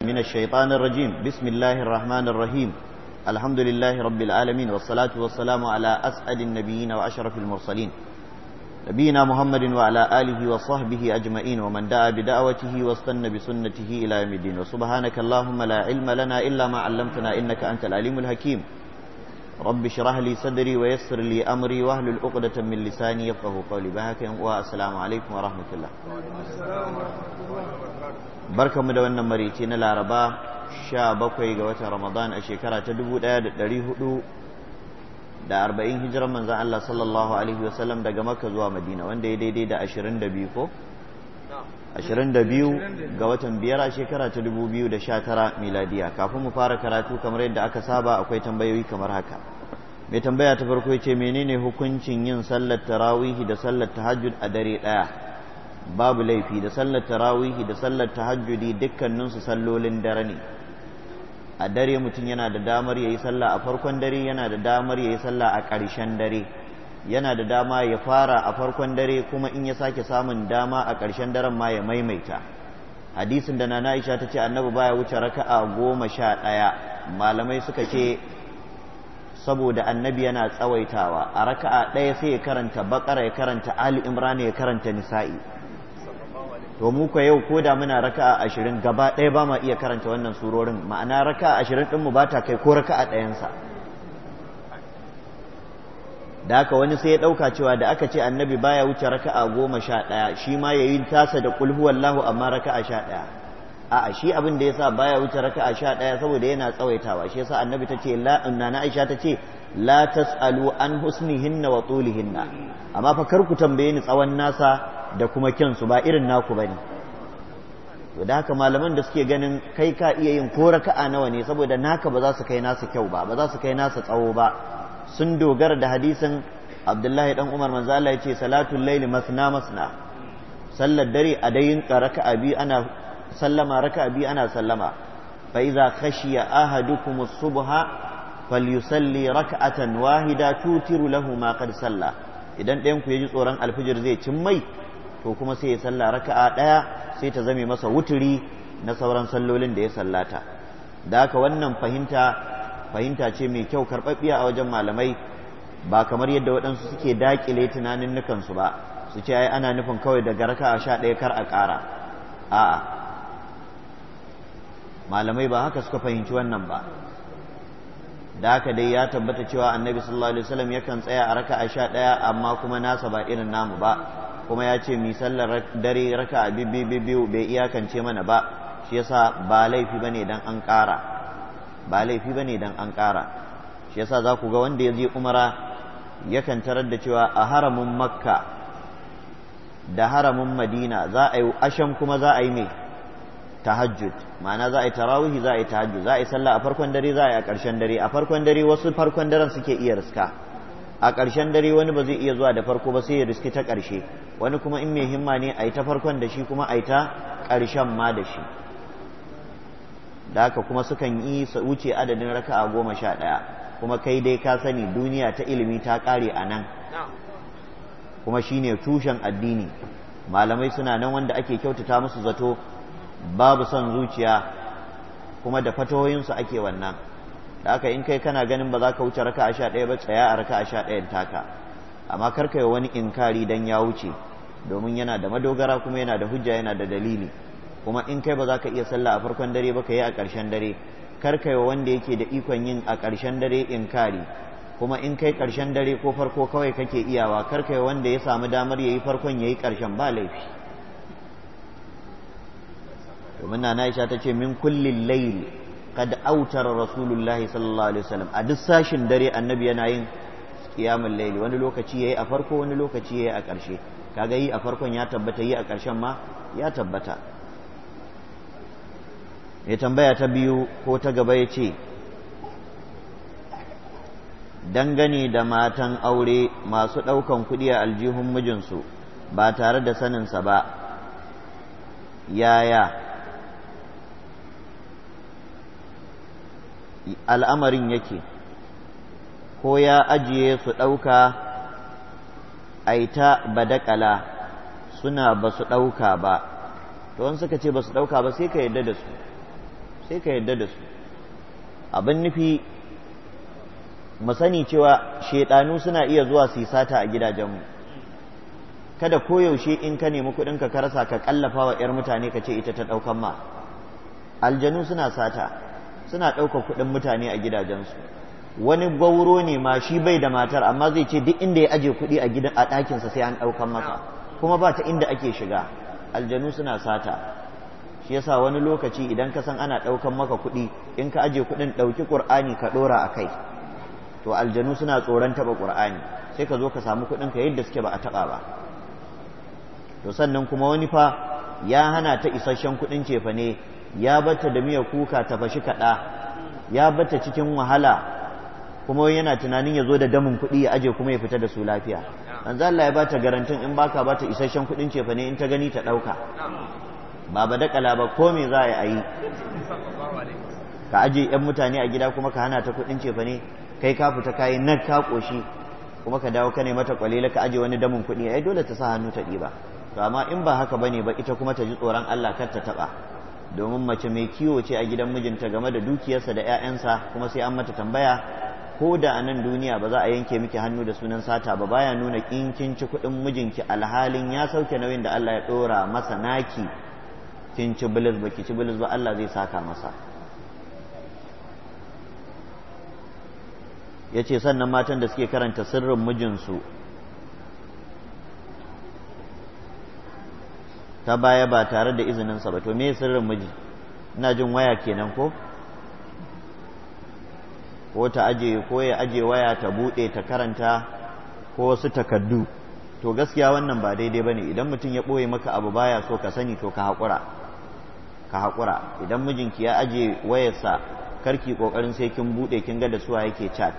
من الشيطان الرجيم بسم الله الرحمن الرحيم الحمد لله رب العالمين والصلاة والسلام على أسعد النبيين وأشرف المرسلين نبينا محمد وعلى آله وصحبه أجمعين ومن دعا بدعوته واستنى بسنته إلى يوم الدين وسبحانك اللهم لا علم لنا إلا ما علمتنا إنك أنت العليم الحكيم رب اشرح لي صدري ويسر لي أمري واهلل عقدة من لساني يفقه قولي بهاك والسلام عليكم ورحمة الله وعليكم السلام ورحمة الله barka mu da wannan marici na laraba sha bakwai ga watan ramadan a shekara ta dubu daya da dari hudu da arba'in hijiran manzan Allah sallallahu alaihi wasallam daga maka zuwa madina wanda ya daidai da ashirin da biyu ko ashirin da biyu ga watan biyar a shekara ta dubu biyu da sha tara miladiya kafin mu fara karatu kamar yadda aka saba akwai tambayoyi kamar haka mai tambaya ta farko ce menene hukuncin yin sallar tarawihi da sallar tahajjud a dare ɗaya babu laifi da sallar tarawihi da sallar tahajjudi dukkaninsu sallolin dare ne a dare mutum yana da damar yayi sallah a farkon dare yana da damar yayi sallah a ƙarshen dare yana da dama ya fara a farkon dare kuma in ya sake samun dama a ƙarshen daren ma ya maimaita hadisin da nana aisha ta ce annabi baya wuce raka'a goma sha ɗaya malamai suka ce saboda annabi yana tsawaitawa a raka'a ɗaya sai ya karanta baƙara ya karanta ali imran ya karanta nisa'i to mu ko yau ko da muna raka'a ashirin gaba ɗaya ba ma iya karanta wannan surorin ma'ana raka'a ashirin ɗin mu ba ta kai ko raka'a ɗayansa da haka wani sai ya ɗauka cewa da aka ce annabi baya wuce raka'a goma sha ɗaya shi ma ya yi tasa da ƙulhu wallahu amma raka'a sha ɗaya a'a shi abin da yasa baya wuce raka'a sha ɗaya saboda yana tsawaitawa shi yasa annabi ta ce la na aisha ta ce la tas'alu an husnihinna wa tulihinna amma fa kar ku tambaye ni tsawon nasa da kuma kyansu ba irin naku bane to da haka malaman da suke ganin kai ka iya yin ko raka'a nawa ne saboda naka ba za su kai nasa kyau ba ba za su kai nasa tsawo ba sun dogara da hadisin Abdullahi dan Umar manzo Allah yace salatul layli masna masna sallar dare a dayin raka'a bi ana sallama raka'a bi ana sallama fa iza khashiya ahadukum as-subha falyusalli raka'atan wahida tutiru lahu ma qad salla idan ɗayan ku ji tsoron alfijir zai cin mai to kuma sai ya salla raka'a ɗaya sai ta zame masa wuturi na sauran sallolin da ya sallata da haka wannan fahimta fahimta ce mai kyau karɓaɓɓiya a wajen malamai ba kamar yadda waɗansu suke daƙile tunanin nukansu ba su ce ai ana nufin kawai daga raka'a sha ɗaya kar a ƙara a'a malamai ba haka suka fahimci wannan ba da haka dai ya tabbata cewa annabi sallallahu alaihi wasallam yakan tsaya a raka'a sha ɗaya amma kuma nasa ba irin namu ba kuma ya ce misallar dare raka a biyu bai iyakance mana ba shi yasa ba laifi bane dan an ƙara ba laifi ne don an ƙara shi yasa za ku ga wanda ya je umara yakan tarar da cewa a haramin makka da haramin madina za a yi ashan kuma za a yi mai tahajjud mana za a yi tarawihi za a yi tahajjud za a yi sallah a farkon dare za a yi a ƙarshen dare a farkon dare wasu farkon daren suke iya riska a ƙarshen dare wani ba zai iya zuwa da farko ba sai ya riski ta ƙarshe wani kuma in mai himma ne a yi ta farkon da shi kuma a yi ta ƙarshen ma da shi da haka kuma sukan yi wuce adadin raka a goma sha ɗaya kuma kai dai ka sani duniya ta ilimi ta ƙare a nan kuma shi ne tushen addini malamai suna nan wanda ake kyautata musu zato babu son zuciya kuma da fatoyinsu ake wannan da aka in kai kana ganin ba za ka wuce raka a sha ɗaya ba tsaya a raka a sha ɗayan taka amma kar ka yi wani inkari dan ya wuce domin yana da madogara kuma yana da hujja yana da dalili kuma in kai ba za ka iya sallah a farkon dare ba ka yi a ƙarshen dare kar ka yi wanda yake da ikon yin a ƙarshen dare inkari kuma in kai ƙarshen dare ko farko kawai kake iyawa kar yi wanda ya samu damar ya yi farkon ya yi ƙarshen ba laifi domin na Aisha ta ce min kullin laili kad autara rasulullahi sallallahu alaihi wasallam a duk sashin dare annabi yana yin qiyamul layli wani lokaci yayi a farko wani lokaci yayi a ƙarshe kaga yi a farkon ya tabbata yi a ƙarshen ma ya tabbata Mai tambaya ta biyu ko ta gaba ya ce dangane da matan aure masu ɗaukan kuɗi a aljihun mijinsu ba tare da saninsa ba yaya al'amarin yake ko ya ajiye su ɗauka aita badakala suna ba su ɗauka ba to wani suka ce ba su ɗauka ba sai ka yarda da su sai ka yarda da su abin nufi mu cewa shaidanu suna iya zuwa su yi sata a gidajenmu kada koyaushe in ka nemi kuɗinka ka rasa ka kallafa wa 'yar mutane ka ce ita ta ɗaukan ma aljanu suna sata suna ɗaukar kuɗin mutane a gidajensu wani gwauro ne ma shi bai da matar amma zai ce duk inda ya aje kuɗi a gidan a ɗakinsa sai an ɗaukan maka. kuma ba ta inda ake shiga aljanu suna sata shi yasa wani lokaci idan ka san ana ɗaukar maka kuɗi in ka aje kuɗin ɗauki ƙur'ani ka ɗora a kai to aljanu suna tsoron taɓa ƙur'ani sai ka zo ka samu kuɗin ka yadda suke ba a taɓa ba to sannan kuma wani fa ya hana ta isasshen kuɗin cefa ne ya bata da miya kuka ta fashi kaɗa ya bata cikin wahala kuma yana tunanin ya zo da damin kuɗi ya aje kuma ya fita da su lafiya manzo Allah ya bata garantin in baka bata isasshen kuɗin cefa ne in ta gani ta ɗauka ba ba kala ba ko me za a yi ka aje yan mutane a gida kuma ka hana ta kuɗin cefa ne kai ka fita kayi nan ka ƙoshi kuma ka dawo ka ne mata kwalila ka aje wani damin kuɗi ai dole ta sa hannu ta ɗiba to amma in ba haka bane ba ita kuma ta ji tsoron Allah kar ta taɓa domin mace mai kiwo ce a gidan mijinta game da dukiyarsa da 'ya'yansa kuma sai an mata tambaya ko da a nan duniya ba za a yanke miki hannu da sunan sata ba baya nuna kin ci kuɗin mijinki alhalin ya sauke nauyin da Allah ya ɗora masa naki kin ci bilis ba ki ci bilis ba Allah zai saka masa ya ce sannan matan da suke karanta sirrin mijinsu ta baya ba tare da izininsa ba to me sirrin miji ina jin waya kenan ko ko ta aje ko ya aje waya ta buɗe ta karanta ko wasu takaddu to gaskiya wannan ba daidai ne idan mutum ya ɓoye maka abu baya so ka sani to ka haƙura ka haƙura idan mijinki ya aje wayarsa karki ƙoƙarin sai kin buɗe kin ga da suwa yake cat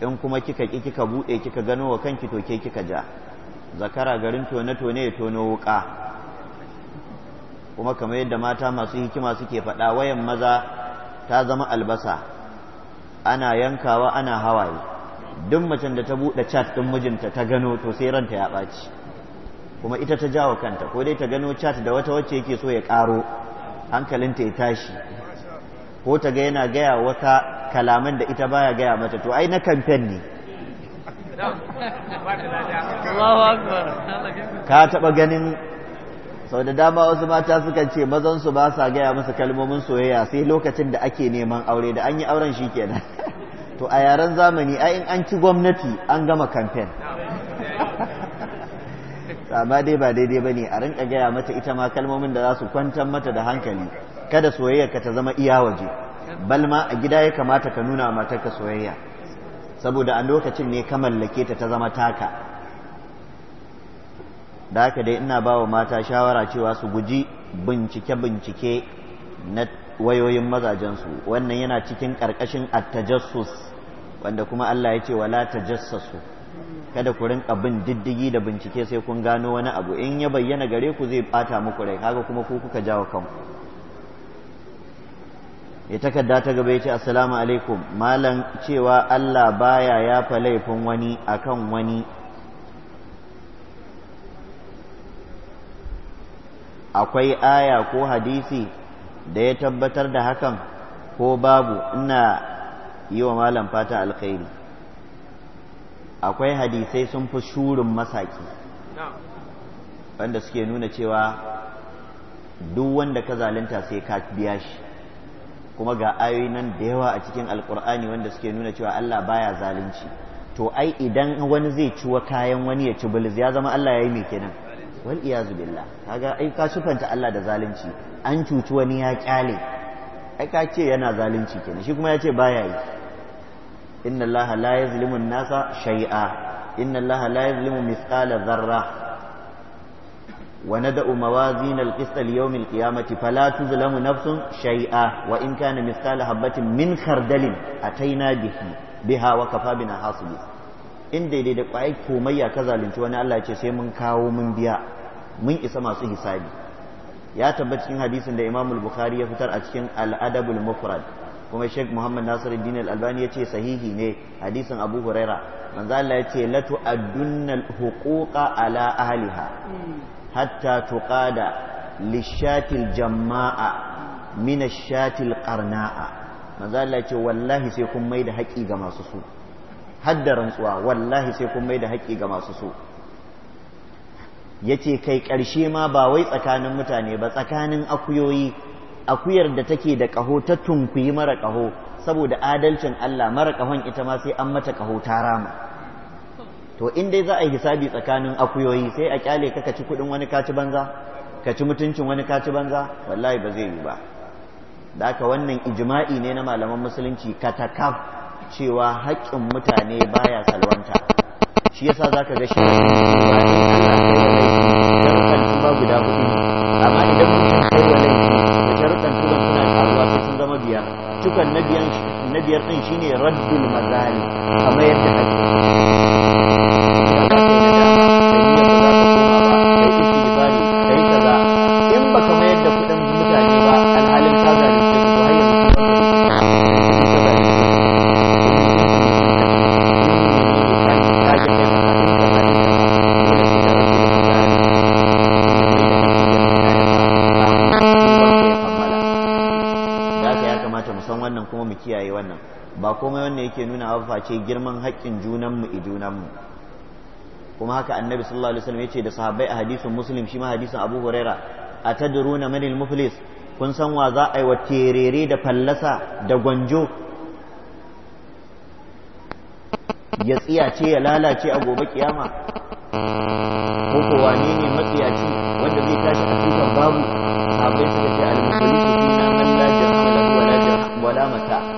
in kuma kika ki kika buɗe kika gano wa kanki to ke kika ja zakara garin tone-tone ya tono wuka kuma kamar yadda mata masu hikima suke faɗa wayan maza ta zama albasa ana yankawa ana hawaye duk macen da ta buɗe chat ɗin mijinta ta gano to sai ranta ya ɓaci kuma ita ta jawo kanta ko dai ta gano chat da wata wacce yake so ya ƙaro hankalinta ya tashi ko ta ga yana gaya wata kalaman da ita baya gaya mata to ai na kamfen ne ka taɓa ganin sau da dama wasu mata sukan ce mazansu ba sa gaya masa kalmomin soyayya sai lokacin da ake neman aure da an yi auren shi kenan to a yaren zamani ai in an ci gwamnati an gama kamfen amma dai ba daidai ba ne a rinka gaya mata ita ma kalmomin da za su kwantar mata da hankali kada soyayya ka ta zama iya waje balma a gida ya kamata ka nuna ka soyayya saboda a lokacin ne ka mallake ta ta zama taka da haka dai ina ba wa mata shawara cewa su guji bincike-bincike na wayoyin mazajensu wannan yana cikin ƙarƙashin attajassus wanda kuma Allah ya ce wa la tajassasu kada ku rinka bin diddigi da bincike sai kun gano wani abu in ya bayyana gare ku zai bata muku rai kaga kuma ku kuka jawo kanku ya takarda ta gaba ya ce assalamu alaikum malam cewa Allah baya ya fa laifin wani akan wani akwai aya ko hadisi da ya tabbatar da hakan ko babu ina yi wa malam fata alkhairi akwai hadisai sun fi shurin masaki wanda suke nuna cewa duk wanda ka zalunta sai ka biya shi kuma ga ayoyi nan da yawa a cikin alkur'ani wanda suke nuna cewa Allah baya zalunci to ai idan wani zai ci wa kayan wani ya ci bulz ya zama Allah ya yi mai kenan wal iyazu billah kaga ai ka sufanta Allah da zalunci an cuci wani ya kyale ai ka ce yana zalunci kenan shi kuma ya ce baya yi inna Allah la yazlimu an-nasa shay'a inna Allah la yazlimu mithqala dharra وندأ موازين القسط ليوم القيامة فلا تظلم Nafsun, Shai'a' wa 'In-kana, حبة Lahabbatin, خردل أتينا به بها وكفى بنا حاصبين in daidai da komai ya ka zalunci wani Allah ce sai mun kawo mun biya mun isa masu hisabi ya tabbata cikin hadisin da Imam Bukhari ya fitar a cikin Al-Adabul kuma Sheikh Muhammad Nasiruddin Al-Albani ya ce sahihi ne hadisin Abu Huraira manzo Allah yace latu adunnal huquqa ala Aliha. Hmm. hatta tuqada lishatil jama'a min ashatil qarna'a manzo Allah ce wallahi sai kun maida da haƙi ga masu su Hadda rantsuwa wallahi sai kun maida haƙi ga masu su yace kai ƙarshe ma ba wai tsakanin mutane ba tsakanin akuyoyi akuyar da take da ƙaho ta tunkuyi mara ƙaho saboda adalcin Allah mara ƙahon ita ma sai an mata ƙaho ta rama to in dai za a yi hisabi tsakanin akuyoyi sai a kyale ka ci kudin wani kaci banza ka ci mutuncin wani kaci banza wallahi ba zai yi ba da haka wannan ijma'i ne na malaman musulunci katakaf cewa haƙƙin mutane baya salwanta shi yasa zaka ga shi guda hudu amma idan mutum da sharuɗan tuban suna karuwa zama biyar tukan na biyar ɗin shine raddul mazali kamar yadda haƙƙi ce girman haƙƙin junanmu i junanmu kuma haka annabi sallallahu alaihi wasallam yace da sahabbai a hadisin muslim shi ma hadisin abu huraira atadruna mani muflis kun san wa za a yi wa terere da fallasa da gwanjo ya tsiyace ya lalace a gobe kiyama ko ko wane ne matsiyaci wanda zai tashi a cikin babu sabai suka ce al-muflisu wala mata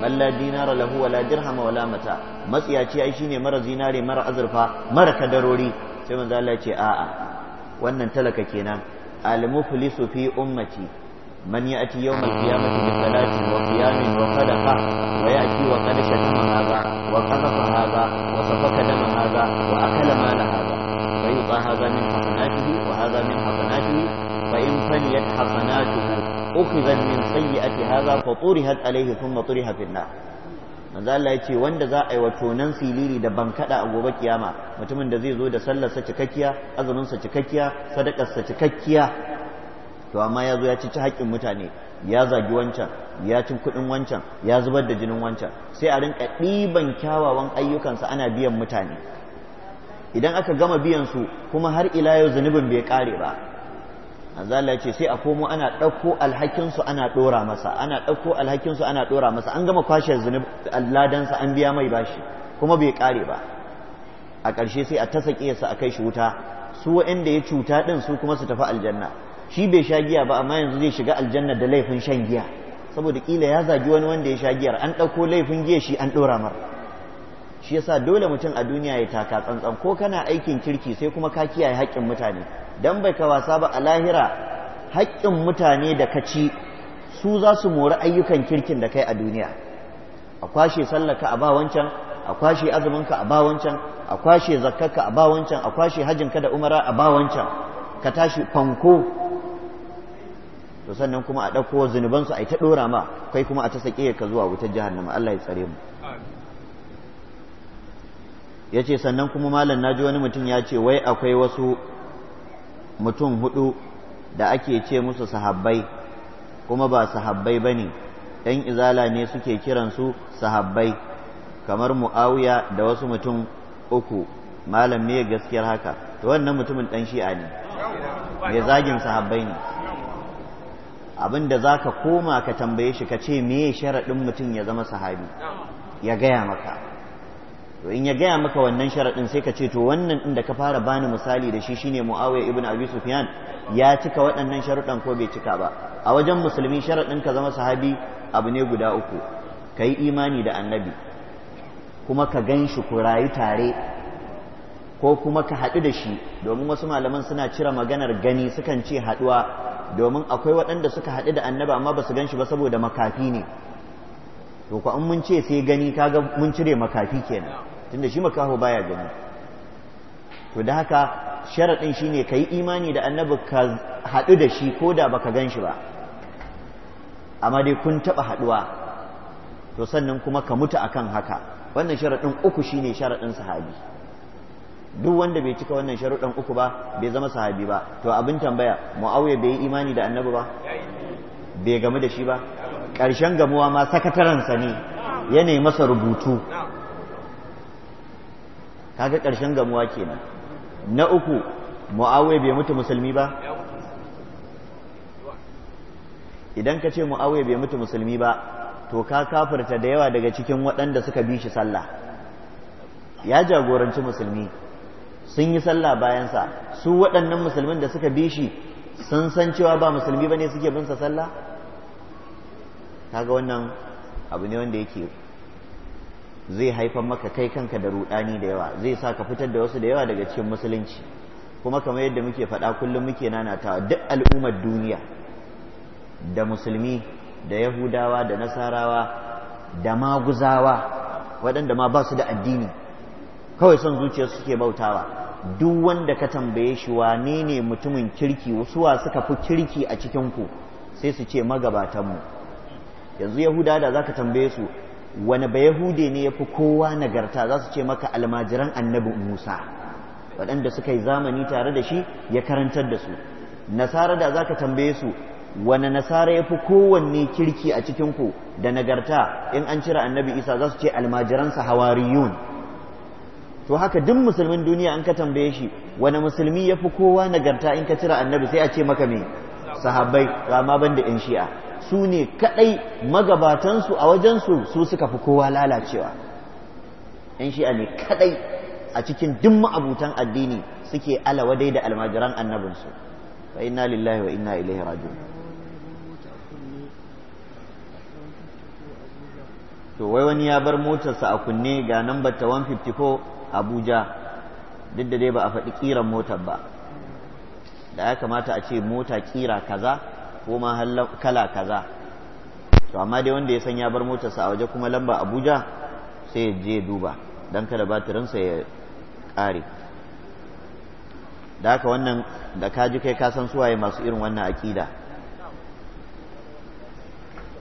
man la dinara lahu wala dirhama wala mata matsiyaci ai shine mara zinare mara azurfa mara kadarori sai manzo Allah ce a'a wannan talaka kenan al muflisu fi ummati man ya'ti yawm al qiyamati bi salati wa qiyamin wa sadaqa wa ya'ti wa qad shatama hadha wa qadafa hadha wa safaka dama hadha wa akala mala hadha fa yuta hadha min hasanatihi wa hadha min hasanatihi fa in faniyat hasanatuhu ukhizat min sayyi'ati hadha fa turihat alayhi thumma turiha fi an-nar manzo Allah yace wanda za a yi wa nan siliri da bankada a gobe kiyama mutumin da zai zo da sallar sa cikakkiya azumin sa cikakkiya sadakar sa cikakkiya to amma ya zo ya ci haƙƙin mutane ya zagi wancan ya cin kuɗin wancan ya zubar da jinin wancan sai a rinka ɗiban kyawawan ayyukansa ana biyan mutane idan aka gama biyan su kuma har ila yau zunubin bai kare ba ya ce sai a komo ana ɗauko alhakinsu ana ɗora masa ana ɗauko alhakinsu ana ɗora masa an gama kwashe zunub ladansa an biya mai bashi kuma bai ƙare ba a ƙarshe sai a tasa ƙiyarsa a kai shi wuta su waɗanda ya cuta ɗin su kuma su tafi aljanna shi bai sha giya ba amma yanzu zai shiga aljanna da laifin shan giya saboda ƙila ya zagi wani wanda ya sha giyar an ɗauko laifin giya shi an ɗora mar shi yasa dole mutum a duniya ya taka tsantsan ko kana aikin kirki sai kuma ka kiyaye haƙƙin mutane dan bai ka wasa ba a lahira haƙƙin mutane da ka ci su za su mori ayyukan kirkin da kai a duniya a kwashe sallaka a ba wancan a kwashe azuminka a ba wancan a kwashe zakkarka a ba wancan a kwashe hajjinka da umara a ba wancan ka tashi fanko to sannan kuma a ɗauko zunubansu a yi ta ɗora ma kai kuma a ta sake ka zuwa wutar jahannama Allah ya tsare mu ya ce sannan kuma malam na ji wani mutum ya ce wai akwai wasu mutum hudu da ake ce musu sahabbai kuma ba sahabbai ba ne ‘yan izala ne suke kiransu sahabbai kamar mu'awiya da wasu mutum uku malam me gaskiyar haka to wannan mutumin ɗan shi'a ne mai zagin sahabbai ne abin da za ka koma ka tambaye shi ka ce me sharaɗin mutum ya zama sahabi ya gaya maka to in ya gaya maka wannan sharaɗin sai ka ce to wannan inda ka fara bani misali da shi shine Muawiya ibn Abi Sufyan ya cika waɗannan sharuɗan ko bai cika ba a wajen musulmi sharaɗin ka zama sahabi abu ne guda uku ka yi imani da annabi kuma ka gan shi ku rayu tare ko kuma ka haɗu da shi domin wasu malaman suna cire maganar gani sukan ce haɗuwa domin akwai waɗanda suka haɗu da annaba amma ba su gan shi ba saboda makafi ne to an mun ce sai gani kaga mun cire makafi kenan tunda shi makaho baya gani to da haka sharaɗin shine ka yi imani da annabi ka haɗu da shi ko da baka gan shi ba amma dai kun taɓa haɗuwa to sannan kuma ka mutu akan haka wannan sharaɗin uku shine sharaɗin sahabi duk wanda bai cika wannan sharuɗan uku ba bai zama sahabi ba to abin tambaya mu'awiya bai yi imani da annabi ba bai gamu da shi ba ƙarshen gamuwa ma sakatarensa ne ya nemi masa rubutu kaga ƙarshen gamuwa kenan na uku mu'awai bai mutu musulmi ba idan ka ce mu'awai bai mutu musulmi ba to ka kafarta da yawa daga cikin waɗanda suka bi shi sallah ya jagoranci musulmi sun yi sallah bayansa su waɗannan musulmin da suka bi shi sun san cewa ba musulmi ba ne suke binsa sallah kaga wannan abu ne wanda yake zai haifar maka kai kanka da rudani da yawa zai sa ka fitar da wasu da yawa daga cikin musulunci kuma kamar yadda muke faɗa kullum muke nanatawa duk al'ummar duniya da musulmi da yahudawa da nasarawa da maguzawa waɗanda ma ba su da addini kawai son zuciya suke bautawa duk wanda ka tambaye shi wane ne mutumin kirki wasuwa suka fi kirki a cikinku sai su ce magabatanmu yanzu yahudawa da za ka tambaye su wani ba yahude ne ya fi kowa nagarta za su ce maka almajiran annabi musa waɗanda suka yi zamani tare da shi ya karantar da su nasara da za ka tambaye su wani nasara ya fi kowanne kirki a cikinku da nagarta in an cire annabi isa za su ce almajiransa hawariyun to haka duk musulmin duniya an ka tambaye shi wani musulmi ya fi kowa nagarta in ka cire annabi sai a ce maka mai? sahabbai amma ban da 'yan shi'a su ne kaɗai magabatansu a wajensu su suka fi kowa lalacewa ‘yan shi'a ne kaɗai a cikin duk ma'abutan addini suke alawadai da almajiran annabinsu fa inna lillahi wa inna ilaihi raji'un to wai wani ya bar motarsa a kunne ga nambar ta 154 abuja duk da dai ba a faɗi ƙiran motar ba da ya kamata a ce mota ƙira kaza ko ma kala kaza to amma dai wanda ya san ya bar motarsa a waje kuma lamba abuja sai ya je duba dan kada batirinsa ya kare. da haka wannan da ka ji kai ka san su waye masu irin wannan akida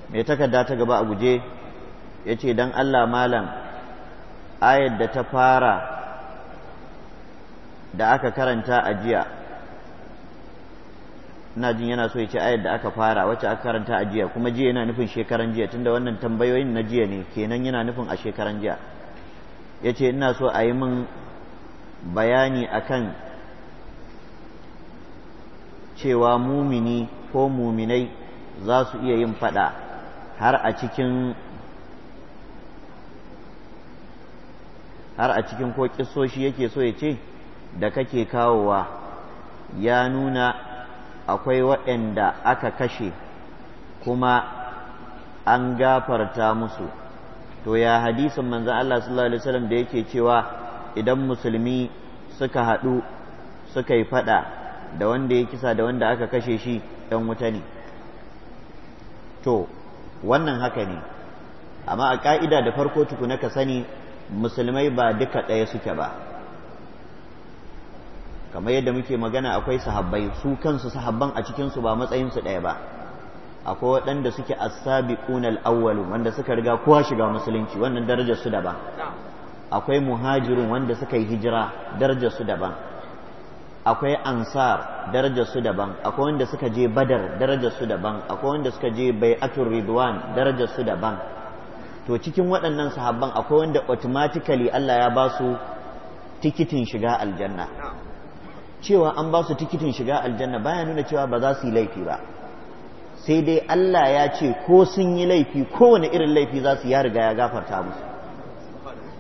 mai takarda ta gaba a guje yace ce don allah malam ayar da ta fara da aka karanta a jiya ina jin yana so ya ce ayar da aka fara wacce aka karanta a jiya kuma jiya yana nufin shekaran jiya tunda wannan tambayoyin na jiya ne kenan yana nufin a shekaran jiya ya ce ina so a yi min bayani akan cewa mumini ko muminai za su iya yin fada har a cikin har a cikin ko kisoshi yake so ya ce da kake kawowa ya nuna akwai waɗanda aka kashe kuma an gafarta musu to ya hadisin manzan Allah sallallahu alaihi wasallam da yake cewa idan musulmi suka haɗu suka yi faɗa da wanda ya kisa da wanda aka kashe shi ɗan wuta ne to wannan haka ne amma a ƙa'ida da farko tukuna ka sani musulmai ba duka ɗaya suke ba kamar yadda muke magana akwai sahabbai su kansu sahabban a cikinsu ba matsayinsu ɗaya ba akwai waɗanda suke as-sabiqun awwalu wanda suka riga kowa shiga musulunci wannan darajar su daban akwai muhajirun wanda suka yi hijira darajar su daban akwai ansar darajar su daban akwai wanda suka je badar darajar su daban akwai wanda suka je bai'atul ridwan darajar su daban to cikin waɗannan sahabban akwai wanda automatically Allah ya ba su tikitin shiga aljanna cewa an ba su tikitin shiga aljanna baya nuna cewa ba za su yi laifi ba sai dai Allah ya ce ko sun yi laifi kowane irin laifi za su ya riga ya gafarta musu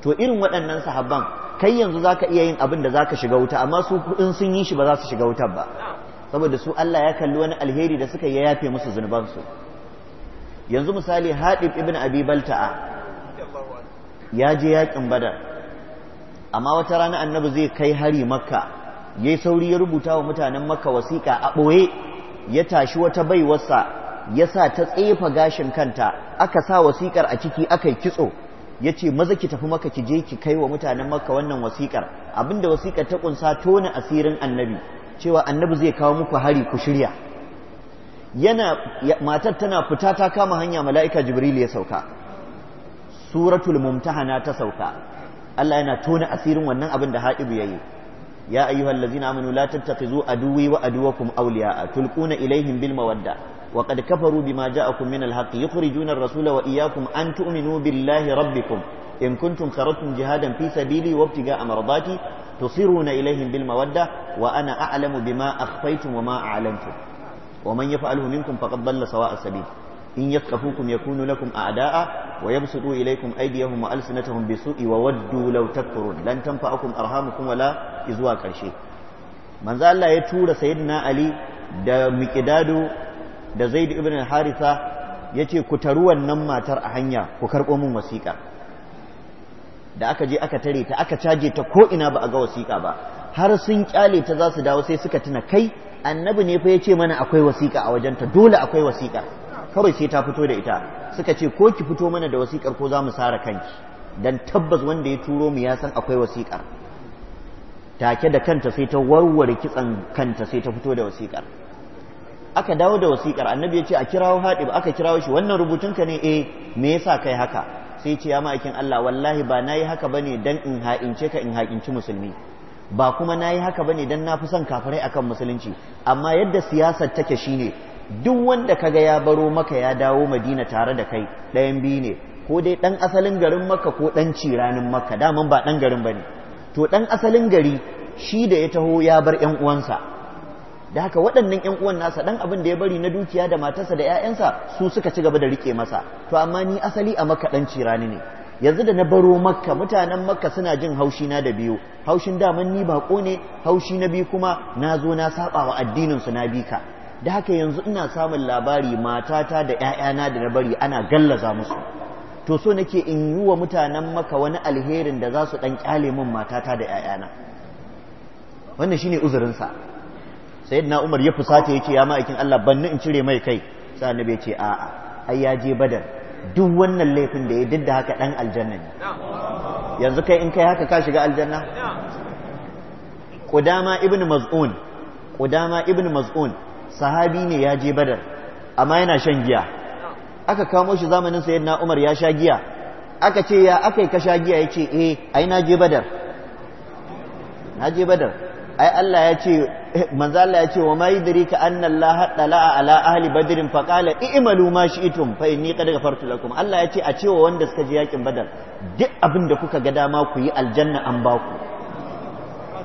to irin waɗannan sahabban kai yanzu zaka iya yin abin da zaka shiga wuta amma su in sun yi shi ba za su shiga wutar ba saboda su Allah ya kalli wani alheri da suka yi yafe musu zunubansu yanzu misali Hadib ibn Abi Balta'a ya je yakin Badar amma wata rana annabi zai kai hari Makka ya yi sauri ya rubuta wa mutanen maka wasiƙa a ɓoye ya tashi wata baiwarsa ya sa ta tsefa gashin kanta aka sa wasiƙar a ciki aka yi kitso ya ce maza ki tafi maka ki je ki kai wa mutanen maka wannan wasiƙar abinda wasiƙar ta ƙunsa tona asirin annabi cewa annabi zai kawo muku hari ku shirya yana matar tana fita ta kama hanya mala'ika jibril ya sauka suratul mumtahana ta sauka Allah yana tona asirin wannan abin da Haibu ya yi يا أيها الذين آمنوا لا تتخذوا أدوي وأدوكم أولياء تلقون إليهم بالمودة وقد كفروا بما جاءكم من الحق يخرجون الرسول وإياكم أن تؤمنوا بالله ربكم إن كنتم خرجتم جهادا في سبيلي وابتغاء مرضاتي تصيرون إليهم بالمودة وأنا أعلم بما أخفيتم وما أعلنتم ومن يفعله منكم فقد ضل سواء السبيل إن يثقفوكم يكونوا لكم أعداء ويبسطوا إليكم أيديهم وألسنتهم بسوء وودوا لو تكفرون لن تنفعكم أرهامكم ولا zuwa ƙarshe manzo Allah ya tura sayyidina Ali da Miqdadu da Zaid ibn Harisa, haritha yace ku taru wannan matar a hanya ku karɓo min wasiƙa da aka je aka tare ta aka caje ta ko ina ba a ga wasiƙa ba har sun ƙyale ta za su dawo sai suka tuna kai annabi ne fa yace mana akwai wasiƙa a wajenta dole akwai wasiƙa kawai sai ta fito da ita suka ce ko ki fito mana da wasiƙar ko za mu sara kanki dan tabbas wanda ya turo mu ya san akwai wasiƙar take da kanta sai ta warware kitsan kanta sai ta fito da wasikar. aka dawo da wasikar. annabi ya ce a kirawo ba aka kirawo shi wannan rubutunka ne eh me yasa kai haka sai ce ya ma'aikin Allah wallahi ba nayi haka bane dan in ha'ince ka in ha'inci musulmi ba kuma nayi haka bane dan na fi son kafirai akan musulunci amma yadda siyasar take shine duk wanda kaga ya baro maka ya dawo Madina tare da kai ɗayan biyu ne ko dai ɗan asalin garin maka ko ɗan ciranin maka daman ba dan garin bane to ɗan asalin gari shi da ya taho ya bar ‘yan uwansa da haka waɗannan ‘yan uwan nasa ɗan abin da ya bari na dukiya da matarsa da ‘ya'yansa su suka ci gaba da riƙe masa to amma ni asali a makka ɗan cirani ne yanzu da na baro makka mutanen makka suna jin haushi na da biyu haushin daman ni baƙo ne haushi na biyu kuma na zo na saɓa wa addinin su na bi ka da haka yanzu ina samun labari matata da ‘ya'yana da na bari ana gallaza musu to so nake in yi wa mutanen maka wani alherin da za su ɗan ƙyale min matata da ‘ya'yana wannan ne uzurinsa sai na umar ya fusata ya ce ya ma'aikin allah banni in cire mai kai sa’an annabi bai ce a'a ai ya je badar duk wannan laifin da ya duk da haka ɗan aljanna ne yanzu kai in kai haka ka shiga aljanna Ƙudama ibn Maz'un Kudama ibn Maz'un sahabi ne ya je Badar amma yana shan giya aka kamo shi zamanin na Umar ya sha giya aka ce ya aka ka sha giya yace eh ai na je Badar na je Badar ai Allah ya ce manzo Allah ya ce wa mai ka anna Allah dala'a ala ahli badrin fa qala i'malu ma shi'tum fa inni qad ghafartu lakum Allah ya ce a cewa wanda suka je yakin Badar duk abin da kuka ga dama ku yi aljanna an ba ku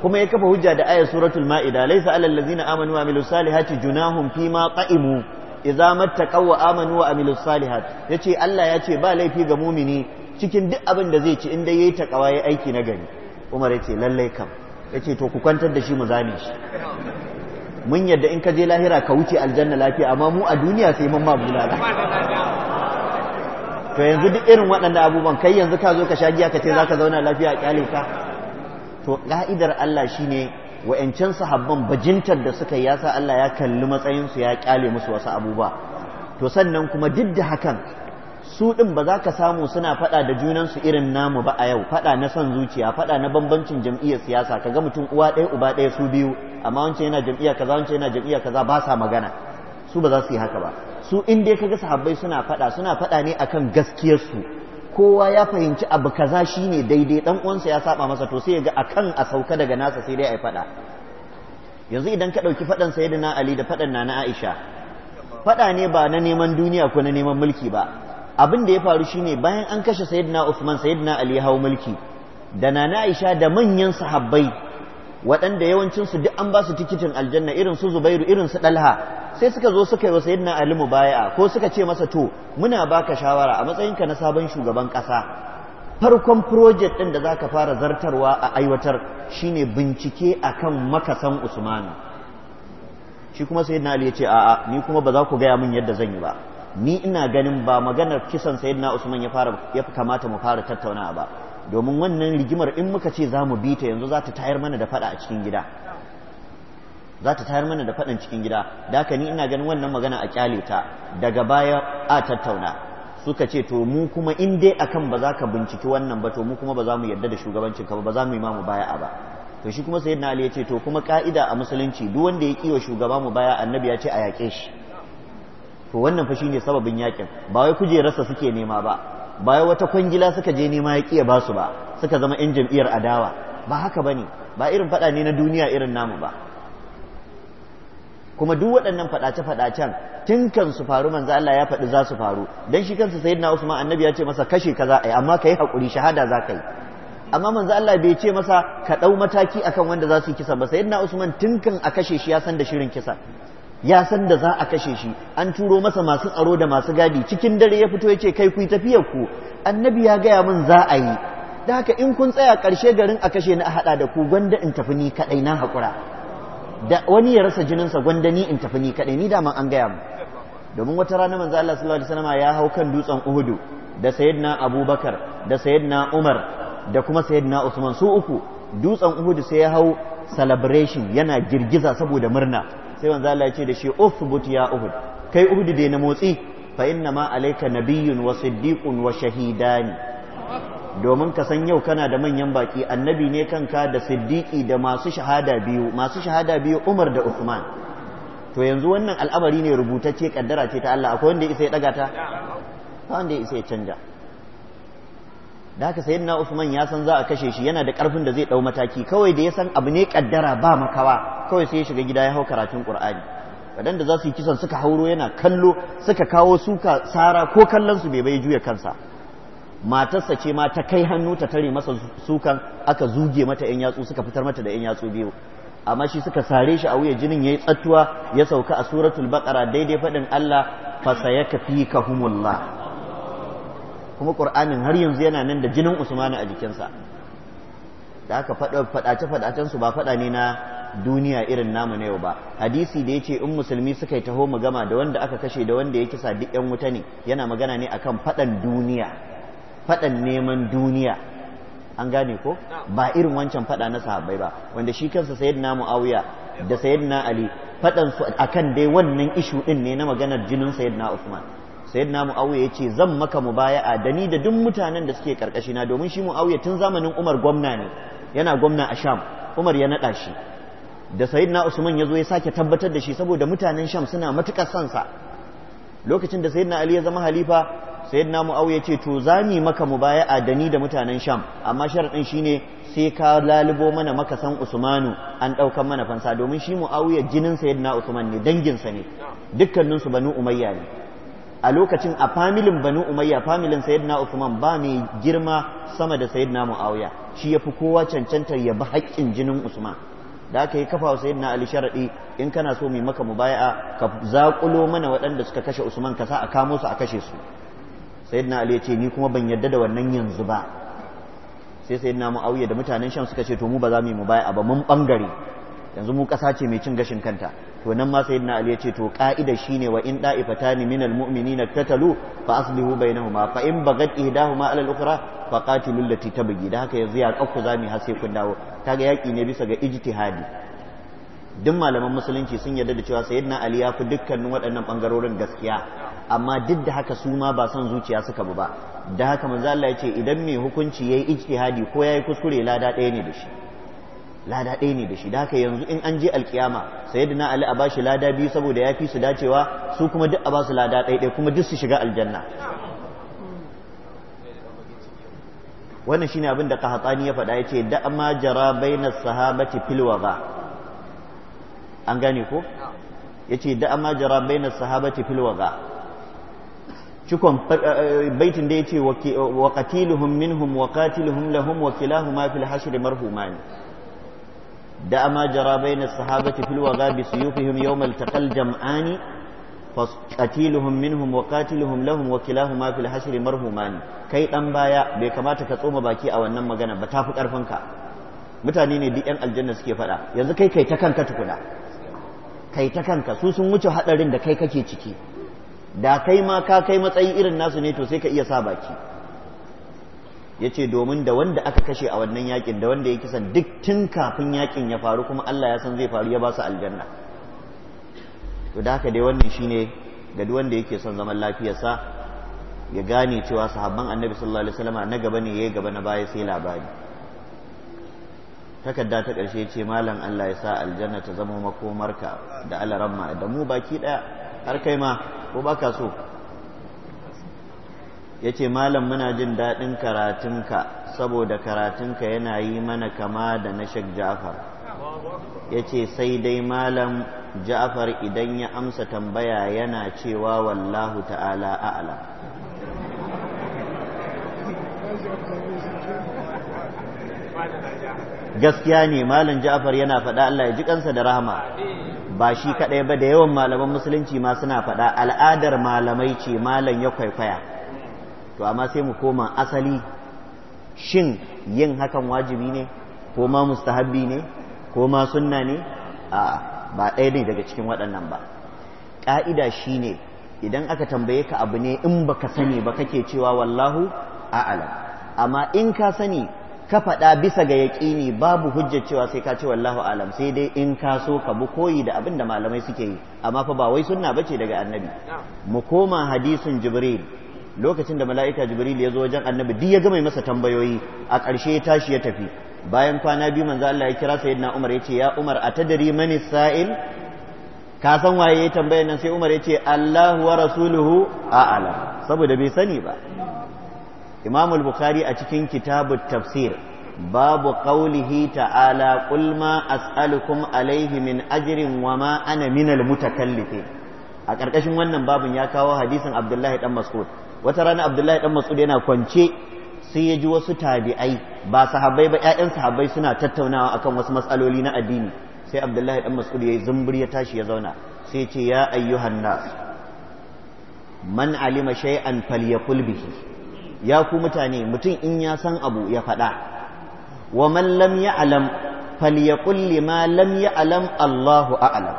kuma ya kafa hujja da ayar suratul ma'ida laysa alal ladzina amanu wa amilus salihati junahum fima qa'imu idza mattaqaw wa amanu wa amilus salihat yace Allah yace ba laifi ga mumini cikin duk abin da zai ci in inda yayi takawa yayi aiki na gari Umar yace lallai kam yace to ku kwantar da shi mu zame shi mun yadda in ka je lahira ka wuce aljanna lafiya amma mu a duniya sai mun ma bulala to yanzu duk irin waɗannan abubuwan kai yanzu ka zo ka sha giya ka ce zaka zauna lafiya a kyale ka to ka'idar Allah shine wa'ancan sahabban bajintar da suka yi yasa Allah ya kalli matsayinsu ya kyale musu wasu abubuwa to sannan kuma duk da hakan su ɗin ba za ka samu suna faɗa da junansu irin namu ba a yau faɗa na son zuciya faɗa na bambancin jam'iyyar siyasa kaga mutum uwa ɗaya uba ɗaya su biyu amma wance yana jam'iyya kaza yana jam'iyya kaza ba sa magana su ba za su yi haka ba su in dai kaga sahabbai suna faɗa suna faɗa ne akan gaskiyarsu kowa ya fahimci abu kaza ne daidai dan uwansa ya saba masa to sai ya ga akan a sauka daga nasa sai dai ai fada yanzu idan ka ɗauki fadan sayyidina ali da fadan nana aisha fada ne ba na neman duniya ko na neman mulki ba abin da ya faru shine bayan an kashe sayyidina usman sayyidina ali ya hau mulki da nana aisha da manyan sahabbai waɗanda yawancinsu duk an ba su tikitin aljanna irin su zubairu irin su ɗalha sai suka zo suka yi wa sayyidina ali mubaya'a ko suka ce masa to muna baka shawara a matsayinka na sabon shugaban ƙasa farkon project ɗin da za ka fara zartarwa a aiwatar shine bincike akan makasan Usman, shi kuma sayyidina ali ya ce a'a ni kuma ba za ku gaya min yadda zan yi ba ni ina ganin ba maganar kisan sayyidina usman ya ya kamata mu fara tattaunawa ba domin wannan rigimar in muka ce za mu bi ta yanzu za ta tayar mana da faɗa a cikin gida za ta tayar mana da faɗan cikin gida da ni ina ganin wannan magana a kyale ta daga baya a tattauna suka ce to mu kuma in dai akan ba za ka binciki wannan ba to mu kuma ba za mu yarda da shugabancin ka ba za mu yi mamu mu baya ba to shi kuma sayyidina ali ya ce to kuma ka'ida a musulunci duk wanda ya kiwa shugaba mu baya annabi ya ce a yaƙe shi to wannan fa shine sababin yakin ba wai kujerarsa suke nema ba ba wata kwangila suka je nema ya ƙiya ba su ba suka zama 'yan jam'iyyar adawa ba haka ba ne ba irin faɗa ne na duniya irin namu ba kuma duk waɗannan faɗace-faɗacen tun kan su faru manza Allah ya faɗi za su faru dan shi kansa sayyidina Usman annabi ya ce masa kashe kaza ai amma kai hakuri shahada za ka yi amma manzo Allah bai ce masa ka ɗau mataki akan wanda za su yi kisa ba sayyidina Usman tun kan a kashe shi ya san da shirin kisa ya san da za a kashe shi an turo masa masu tsaro da masu gadi cikin dare ya fito ya ce kai ku yi tafiyar ku annabi ya gaya min za a yi da haka in kun tsaya ƙarshe garin a kashe ni a haɗa da ku gwanda in tafi ni kaɗai na haƙura da wani ya rasa jininsa gwanda ni in tafi ni kaɗai ni daman an gaya mu domin wata rana manzo Allah sallallahu alaihi wasallam ya hau kan dutsen Uhudu da sayyidina Abubakar da sayyidina Umar da kuma sayyidina Usman su uku dutsen Uhudu sai ya hau celebration yana girgiza saboda murna sai manzo Allah ya ce da shi uthbut ya uhud kai uhud dai na motsi fa inna ma alayka nabiyyun wa siddiqun wa shahidan domin ka san yau kana da manyan baki annabi ne kanka da siddiqi da masu shahada biyu masu shahada biyu Umar da Uthman to yanzu wannan al'amari ne rubutacce kaddara ce ta Allah akwai wanda ya isa ya daga ta ba wanda isa ya canja da haka sayyidina Usman ya san za a kashe shi yana da ƙarfin da zai ɗau mataki kawai da ya san abu ne kaddara ba makawa kawai sai ya shiga gida ya hau karatun Qur'ani waɗanda za su yi kisan suka hauro yana kallo suka kawo suka sara ko kallon su bai bai juya kansa matarsa ce ma ta kai hannu ta tare masa sukan aka zuge mata yan yatsu suka fitar mata da yan yatsu biyu amma shi suka sare shi a wuya jinin ya yi tsattuwa ya sauka a suratul baqara daidai faɗin Allah fa sayakfikahumullah kuma qur'anin har yanzu yana nan da jinin usmanu a jikinsa da aka faɗace faɗacen su ba faɗa ne na duniya irin namu na yau ba hadisi da yace in musulmi suka yi taho mu gama da wanda aka kashe da wanda ya kisa duk yan wuta ne yana magana ne akan faɗan duniya faɗan neman duniya an gane ko ba irin wancan faɗa na sahabbai ba wanda shi kansa sayyidina muawiya da sayyidina ali faɗan su akan dai wannan ishu din ne na maganar jinin sayyidina usman sayyidina muawiya ce zan maka mu baya a dani da duk mutanen da suke karkashina domin shi muawiya tun zamanin umar gwamna ne yana gwamna a sham umar ya naɗa shi da na usman ya zo ya sake tabbatar da shi saboda mutanen sham suna matukar son lokacin da sayyidina ali ya zama halifa sayyidina muawiya ce to za ni maka mu baya a dani da mutanen sham amma shi ne sai ka lalibo mana makasan usmanu an ɗaukan mana fansa domin shi muawiya jinin na usman ne dangin sa ne dukkaninsu banu umayya ne a lokacin a familin banu umayya familin sayyidina Usman ba mai girma sama da sayyidina Muawiya shi yafi kowa cancantar ya bi haƙƙin jinin Usman da aka yi kafa wa sayyidina Ali sharadi in kana so mai maka mubaya'a ka zaƙulo mana waɗanda suka kashe Usman ka sa a kamo su a kashe su sayyidina Ali ya ce ni kuma ban yarda da wannan yanzu ba sai sayyidina Muawiya da mutanen Sham suka ce to mu ba za mu yi mubaya'a ba mun bangare yanzu mu ƙasa ce mai cin gashin kanta to nan ma sayyidina ali ya ce to ka'ida shine wa in da'ifatani minal mu'minina tatalu fa aslihu bainahuma fa in bagat ihdahuma ala al-ukhra fa qatilu allati tabghi da haka yanzu ya ƙauku zami har sai kun dawo kaga yaki ne bisa ga ijtihadi duk malaman musulunci sun yarda da cewa sayyidina ali ya fi dukkanin waɗannan bangarorin gaskiya amma duk da haka su ma ba son zuciya suka bi ba da haka manzo Allah ya ce idan mai hukunci yayi ijtihadi ko yayi kuskure lada ɗaya ne da shi lada ɗaya ne da shi da haka yanzu in an je alkiyama sayyidina ali a bashi lada biyu saboda ya fi su dacewa su kuma duk a basu lada ɗaya ɗaya kuma duk su shiga aljanna wannan shine abin da qahtani ya faɗa ya ce da amma jara baina sahabati fil ba an gane ko yace da amma jara baina sahabati fil ba cikon eh, eh, baitin da ya ce wa qatiluhum minhum wa qatiluhum lahum wa kilahuma fil hashr marhumani دع ما جرى بين الصحابة في الوغى بسيوفهم يوم التقى الجمعان فقتيلهم منهم وقاتلهم لهم وكلاهما في kai ɗan baya bai kamata ka tsoma baki a wannan magana ba tafi karfinka mutane ne duk yan aljanna suke faɗa yanzu kai kai ta kanka tukuna kai ta kanka su sun wuce hadarin da kai kake ciki da kai ma ka kai matsayi irin nasu ne to sai ka iya sa baki ya ce domin da wanda aka kashe a wannan yakin da wanda ya kisan duk tun kafin yakin ya faru kuma Allah ya san zai faru ya ba su aljanna to da haka dai wannan shine ga duk wanda yake son zaman lafiyarsa ya gane cewa sahabban annabi sallallahu alaihi wasallam na gaba ne yayi gaba na baya sai labari takarda ta ƙarshe ce malam Allah ya sa aljanna ta zama makomarka da alaramma da mu baki ɗaya har kai ma ko baka so ya ce malam muna jin daɗin karatunka saboda karatunka yana yi mana kama da na shek ja'far ya ce sai dai malam ja'afar idan ya amsa tambaya yana cewa wallahu ta'ala a'ala gaskiya ne malam ja'afar yana faɗa Allah ya ji kansa da rahama ba shi kaɗai ba da yawan malaman musulunci ma suna faɗa al'adar malamai ce malam ya kwaikwaya to amma sai mu koma asali shin yin hakan wajibi ne ko ma mustahabbi ne ko ma sunna ne a ba ɗaya ne daga cikin waɗannan ba ƙa'ida ne idan aka tambaye ka abu ne in baka sani ba kake cewa wallahu A'ala. amma in ka sani ka faɗa bisa ga yaƙini babu hujjar cewa sai ka ce wallahu alam sai dai in ka so ka bi koyi da abin da malamai suke yi amma fa ba wai sunna bace daga annabi mu koma hadisin jibril lokacin da mala'ika jibril ya zo wajen annabi duk ya gama masa tambayoyi a ƙarshe ya tashi ya tafi bayan kwana biyu manzo Allah ya kira na Umar ya ce ya Umar a tadari mani sa'il ka san waye ya tambaya nan sai Umar ya ce Allahu wa rasuluhu a'ala saboda bai sani ba imamul al-Bukhari a cikin kitabu tafsir babu qaulihi ta'ala qul ma as'alukum alayhi min ajrin wa ma ana minal mutakallifin a ƙarƙashin wannan babin ya kawo hadisin Abdullahi dan Mas'ud wata rana abdullahi dan mas'ud yana kwance sai ya ji wasu tabi'ai ba sahabbai ba ƴaƴan sahabbai suna tattaunawa akan wasu matsaloli na addini sai abdullahi dan mas'ud yayi zumbur ya tashi ya zauna sai ya ce ya ayyuhan nas man alima shay'an falyakul bihi ya ku mutane mutum in ya san abu ya faɗa wa man lam ya'lam falyakul lima lam ya'lam Allahu a'lam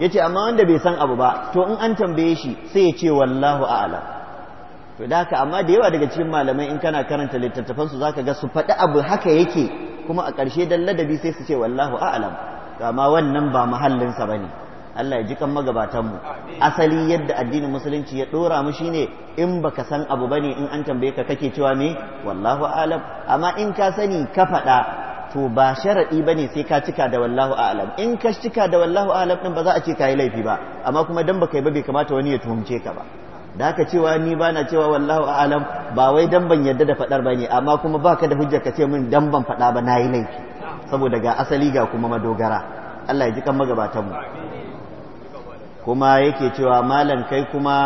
yace amma wanda bai san abu ba to in an tambaye shi sai ya ce wallahu a'lam to da haka amma da yawa daga cikin malamai in kana karanta littattafan su zaka ga su faɗi abu haka yake kuma a ƙarshe dan ladabi sai su ce wallahu a'lam to amma wannan ba mahallin sa ne. Allah ya ji kan magabatan mu asali yadda addinin musulunci ya dora mu shine in baka san abu bane in an tambaye ka kake cewa me wallahu a'lam amma in ka sani ka faɗa to ba sharaɗi ba ne sai ka cika da wallahu a'lam in ka cika da wallahu a'lam ɗin ba za a ce ka yi laifi ba amma kuma dan baka yi ba bai kamata wani ya tuhumce ka ba da aka cewa ni ba na cewa wallahu alam ba wai dan ban yarda da fadar bane amma kuma ba ka da hujja ka ce min dan ban fada ba yi laifi saboda ga asali ga kuma madogara Allah ya ji kan magabatan mu kuma yake cewa malam kai kuma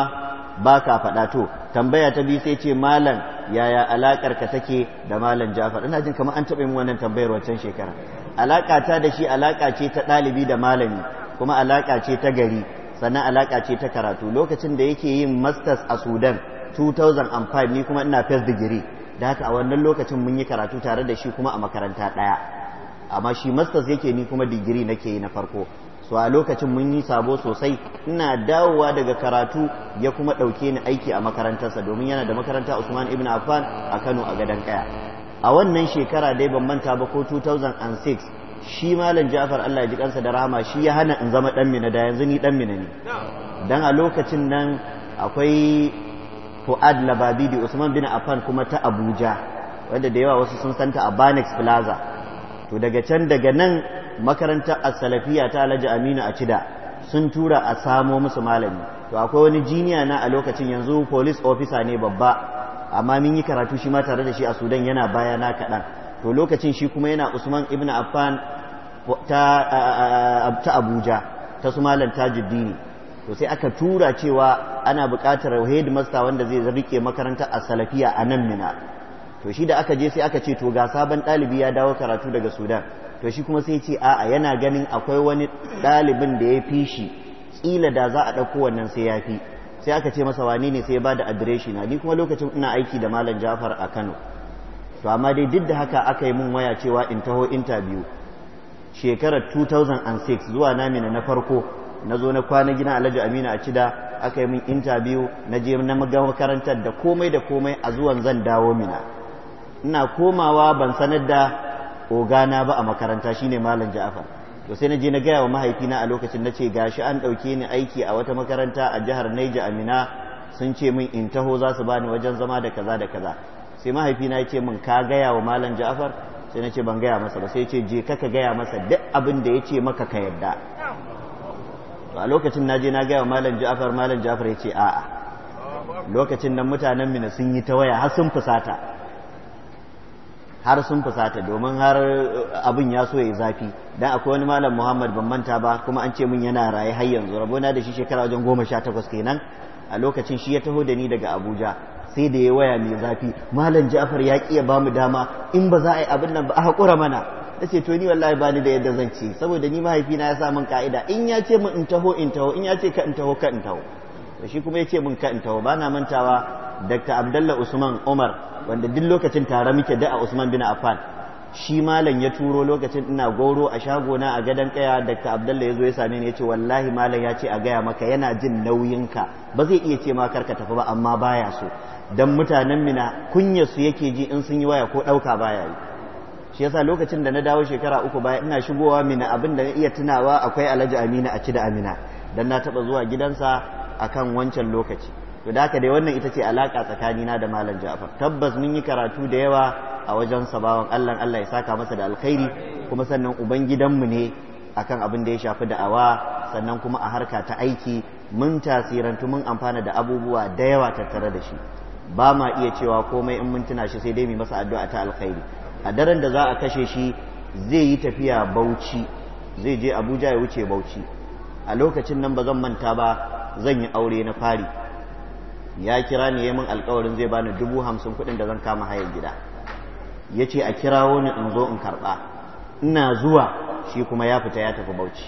baka fada to tambaya ta bi sai ce malam yaya alakar ka take da malam Jafar ina jin kamar an taba yin wannan tambayar wancan shekara alaka ta da shi alaka ce ta ɗalibi da malami kuma alaka ce ta gari sannan alaƙa ce ta karatu lokacin da yake yin masters a sudan 2005 ni kuma ina first degree da haka a wannan lokacin mun yi karatu tare da shi kuma a makaranta ɗaya amma shi masters yake ni kuma digiri nake yi na farko so a lokacin mun yi sabo sosai ina dawowa daga karatu ya kuma ɗauke ni aiki a makarantarsa domin yana da makaranta usman ibn affan a kano a gadon kaya a wannan shekara dai ban manta ba ko 2006 shi malam jafar Allah ya ji kansa da rahama shi ya hana in zama dan mina da yanzu ni dan mina ne dan a lokacin nan akwai Fuad Lababidi Usman bin Affan kuma ta Abuja wanda da yawa wasu sun santa a Banex Plaza to daga can daga nan makarantar as-salafiyya ta Alhaji Aminu a Cida sun tura a samo musu malami to akwai wani jiniya na a lokacin yanzu police officer ne babba amma mun yi karatu shi ma tare da shi a Sudan yana bayana kaɗan to lokacin shi kuma yana usman ibn affan ta, abuja ta su malam tajuddini to sai aka tura cewa ana buƙatar headmaster wanda zai rike makaranta a salafiya a nan mina to shi da aka je sai aka ce to ga sabon dalibi ya dawo karatu daga sudan to shi kuma sai ce a'a yana ganin akwai wani dalibin da ya fi shi tsila da za a ɗauko wannan sai ya fi sai aka ce masa wane ne sai ya ba da adireshi na ni kuma lokacin ina aiki da malam jafar a kano to amma dai duk da haka aka yi mun waya cewa in taho interview shekarar 2006 zuwa namina na farko na zo na kwana gina alhaji amina a cida aka yi mun interview na je na makarantar da komai da komai a zuwan zan dawo mina ina komawa ban sanar da ogana ba a makaranta shine malam ja'afar to sai na je na gaya wa mahaifina a lokacin na ce gashi an ɗauke ni aiki a wata makaranta a jihar naija amina sun ce min in taho za su bani wajen zama da kaza da kaza sai mahaifina ya ce min ka gaya wa malam ja'far sai na ce ban gaya masa ba sai ya ce je ka gaya masa duk abin da ya ce maka ka yarda to a lokacin na je na gaya wa malam ja'far malam ja'far ya ce a'a lokacin nan mutanen mina sun yi ta waya har sun fusata har sun fusata domin har uh, abin ya so ya zafi dan akwai wani malam Muhammad ban manta ba kuma an ce min yana rayu har yanzu rabona da shi shekara wajen goma sha takwas kenan a lokacin shi ya taho da ni daga Abuja sai da ya waya mai zafi malam ja'far ya ƙi ya ba mu dama in ba za a yi abin nan ba a haƙura mana na ce to ni wallahi ba ni da yadda zan ce saboda ni mahaifina ya sa min ka'ida in ya ce min in taho in taho in ya ce ka in taho ka in taho to shi kuma ya ce min ka in taho ba na mantawa Dr. Abdullah Usman Umar wanda duk lokacin tare muke da a Usman bin Affan shi malam ya turo lokacin ina goro a shagona a gadon kaya Dr. Abdullah ya zo ya same ni ya ce wallahi malam ya ce a gaya maka yana jin nauyinka ba zai iya ce ma karka tafi ba amma baya so Don mutanen mina kunya su yake ji in sun yi waya ko ɗauka baya yi shi yasa lokacin da na dawo shekara uku baya ina shigowa mina abin da iya tunawa akwai alhaji amina a ci da amina don na taɓa zuwa gidansa akan wancan lokaci to da haka dai wannan ita ce alaƙa tsakanina da malam ja'far tabbas mun yi karatu da yawa a wajen sabawan allah allah ya saka masa da alkhairi kuma sannan ubangidanmu ne akan abin da ya shafi da'awa sannan kuma a harka ta aiki mun tasirantu mun amfana da abubuwa da yawa tattare da shi ba ma iya cewa komai in mun tuna shi sai dai mai masa addu'a ta alkhairi a daren da za a kashe shi zai yi tafiya Bauchi zai je Abuja ya wuce Bauchi a lokacin nan ba zan manta ba zan yi aure na fari ya kira ni min alkawarin zai bani dubu hamsin kuɗin da zan kama hayan gida ya ce a kirawo ni in zo in karɓa ina zuwa shi kuma ya fita ya tafi Bauchi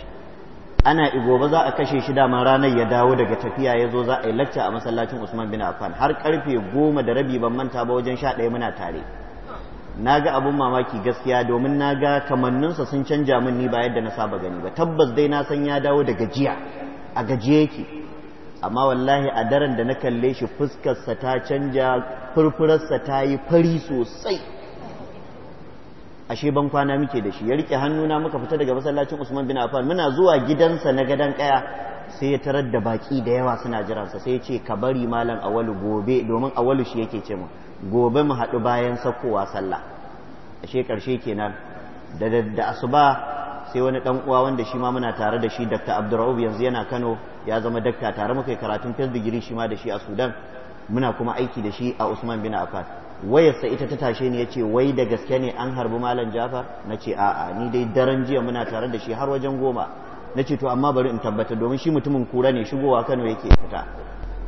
ana gobe za a kashe shi dama ranar ya dawo daga tafiya ya zo za a yi lacca a masallacin usman bin affan har karfe goma da rabi ban manta ba wajen sha ɗaya muna tare na ga abin mamaki gaskiya domin na ga kamanninsa sun canja min ni ba yadda na saba gani ba tabbas dai na san ya dawo da gajiya a gajiya yake amma wallahi a daren da na kalle shi fuskarsa ta canja furfurarsa ta yi fari sosai ashe ban kwana muke da shi ya rike hannuna muka fita daga masallacin Usman bin Affan muna zuwa gidansa na gadan kaya sai ya tarar da baki da yawa suna jiransa sai ya ce ka bari malam awalu gobe domin awalu shi yake ce mu gobe mu haɗu bayan sakkowa sallah ashe karshe kenan da da asuba sai wani dan uwa wanda shi ma muna tare da shi Dr. Abdurraub yanzu yana Kano ya zama dakta tare muka yi karatun first degree shi ma da shi a Sudan muna kuma aiki da shi a Usman bin Affan wayarsa ita ta tashe ni ya ce wai da gaske ne an harbi malam Jafar nace a'a ni dai daren jiya muna tare da shi har wajen goma nace to amma bari in tabbata domin shi mutumin kura ne shigowa Kano yake fita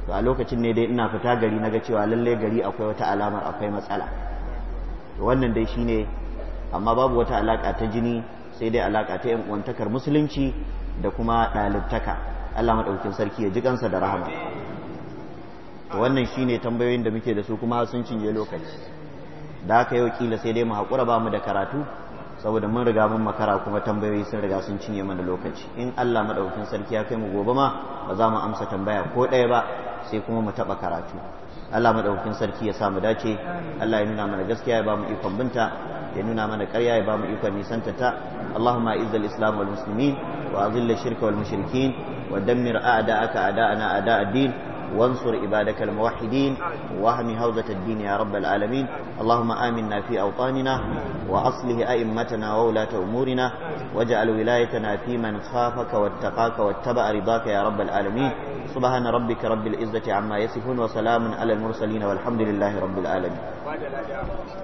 to a lokacin ne dai ina fita gari na ga cewa lallai gari akwai wata alamar akwai matsala to wannan dai shine amma babu wata alaka ta jini sai dai alaka ta yan uwantakar musulunci da kuma ɗalibtaka Allah maɗaukin sarki ya ji kansa da rahama Wannan shi ne tambayoyin da muke da su kuma sun cinye lokaci da haka yau kila sai dai mu haƙura ba mu da karatu saboda mun riga mun makara kuma tambayoyi sun riga sun cinye mana lokaci in Allah madaukakin sarki ya kai mu gobe ma ba za mu amsa tambaya ko ɗaya ba sai kuma mu taɓa karatu Allah madaukakin sarki ya sa mu dace Allah ya nuna mana gaskiya ya ba mu ikon binta ya nuna mana ƙarya ya ba mu ikon nisanta ta Allahumma izzal islam wal muslimin wa azilla shirka wal mushrikin wa dammir a'da'aka a'da'ana a'da' din وانصر عبادك الموحدين واهم هوزة الدين يا رب العالمين اللهم آمنا في أوطاننا وأصله أئمتنا وولاة أمورنا واجعل ولايتنا في من خافك واتقاك واتبع رضاك يا رب العالمين سبحان ربك رب العزة عما يصفون وسلام على المرسلين والحمد لله رب العالمين